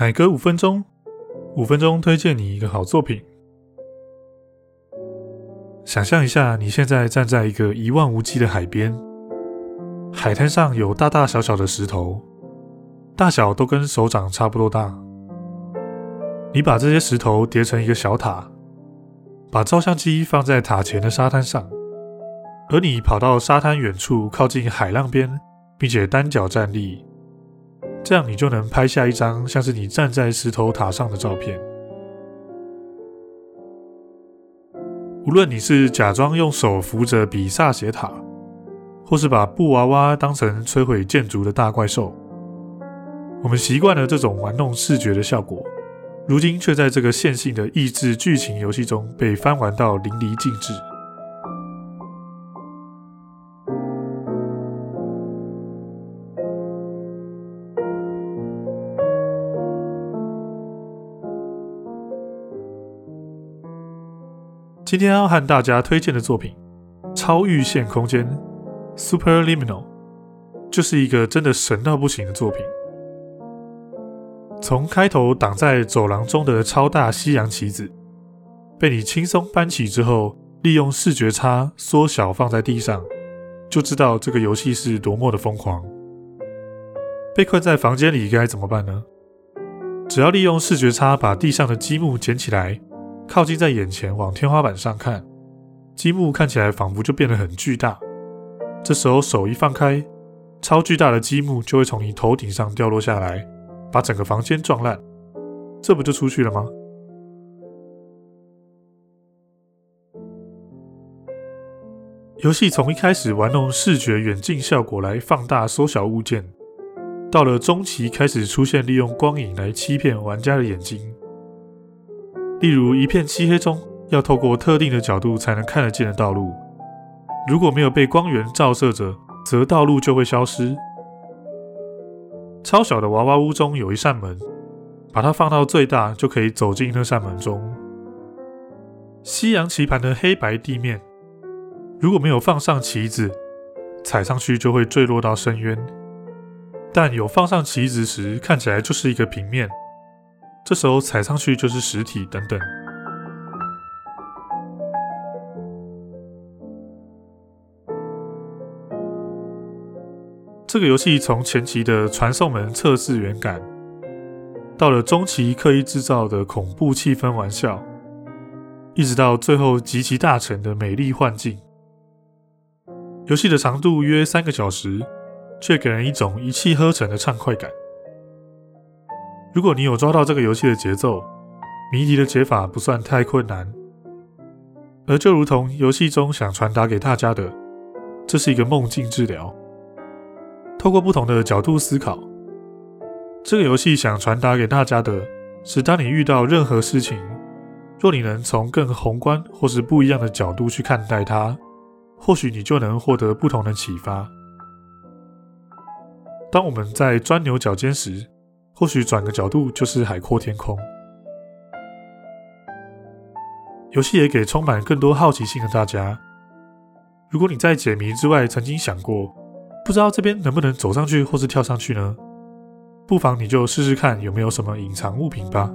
海哥，五分鐘，五分鐘推薦你一個好作品。想象一下，你現在站在一個一望無際的海邊，海灘上有大大小小的石頭，大小都跟手掌差不多大。你把這些石頭疊成一個小塔，把照相機放在塔前的沙灘上，而你跑到沙灘遠處，靠近海浪邊，並且單腳站立。這樣你就能拍下一張像是你站在石頭塔上的照片。無論你是假裝用手扶着比薩斜塔，或是把布娃娃當成摧毀建築的大怪獸，我們習慣了這種玩弄視覺的效果，如今卻在這個線性的益智劇情遊戲中被翻玩到淋漓盡致。今天要和大家推薦的作品《超閾限空間》（Superliminal） 就是一個真的神到不行的作品。從開頭擋在走廊中的超大西洋棋子被你輕鬆搬起之後，利用視覺差縮小放在地上，就知道這個遊戲是多麼的瘋狂。被困在房間裡該怎麼辦呢？只要利用視覺差把地上的積木撿起來。靠近在眼前，往天花板上看，積木看起來仿佛就變得很巨大。這時候手一放開，超巨大的積木就會從你頭頂上掉落下來，把整個房間撞爛。這不就出去了嗎？遊戲從一開始玩弄視覺遠近效果來放大縮小物件，到了中期開始出現利用光影來欺騙玩家的眼睛。例如，一片漆黑中要透過特定的角度才能看得見的道路，如果沒有被光源照射着，則道路就會消失。超小的娃娃屋中有一扇門，把它放到最大就可以走進那扇門中。西洋棋盤的黑白地面，如果沒有放上棋子，踩上去就會墜落到深淵；但有放上棋子時，看起來就是一個平面。這時候踩上去就是實體等等。這個遊戲從前期的傳送門測試員感，到了中期刻意製造的恐怖氣氛玩笑，一直到最後集其大成的美麗幻境。遊戲的長度約三個小時，卻給人一種一氣呵成的暢快感。如果你有抓到這個遊戲的節奏，謎題的解法不算太困難，而就如同遊戲中想傳達給大家的，這是一個夢境治療。透過不同的角度思考，這個遊戲想傳達給大家的是：當你遇到任何事情，若你能從更宏觀或是不一樣的角度去看待它，或許你就能獲得不同的啟發。當我們在鑽牛角尖時，或許轉個角度就是海闊天空。遊戲也給充滿更多好奇心的大家，如果你在解謎之外曾經想過，不知道這邊能不能走上去或是跳上去呢？不妨你就試試看有沒有什麼隱藏物品吧。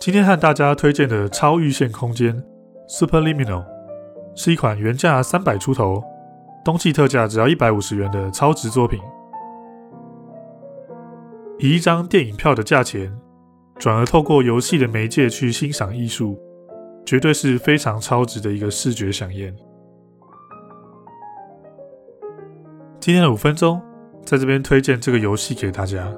今天和大家推薦的超閾限空間 （Superliminal） 是一款原價三百出頭，冬季特價只要一百五十元的超值作品。以一張電影票的價錢，轉而透過遊戲的媒介去欣賞藝術，絕對是非常超值的一個視覺饗宴。今天的五分鐘，在這邊推薦這個遊戲給大家。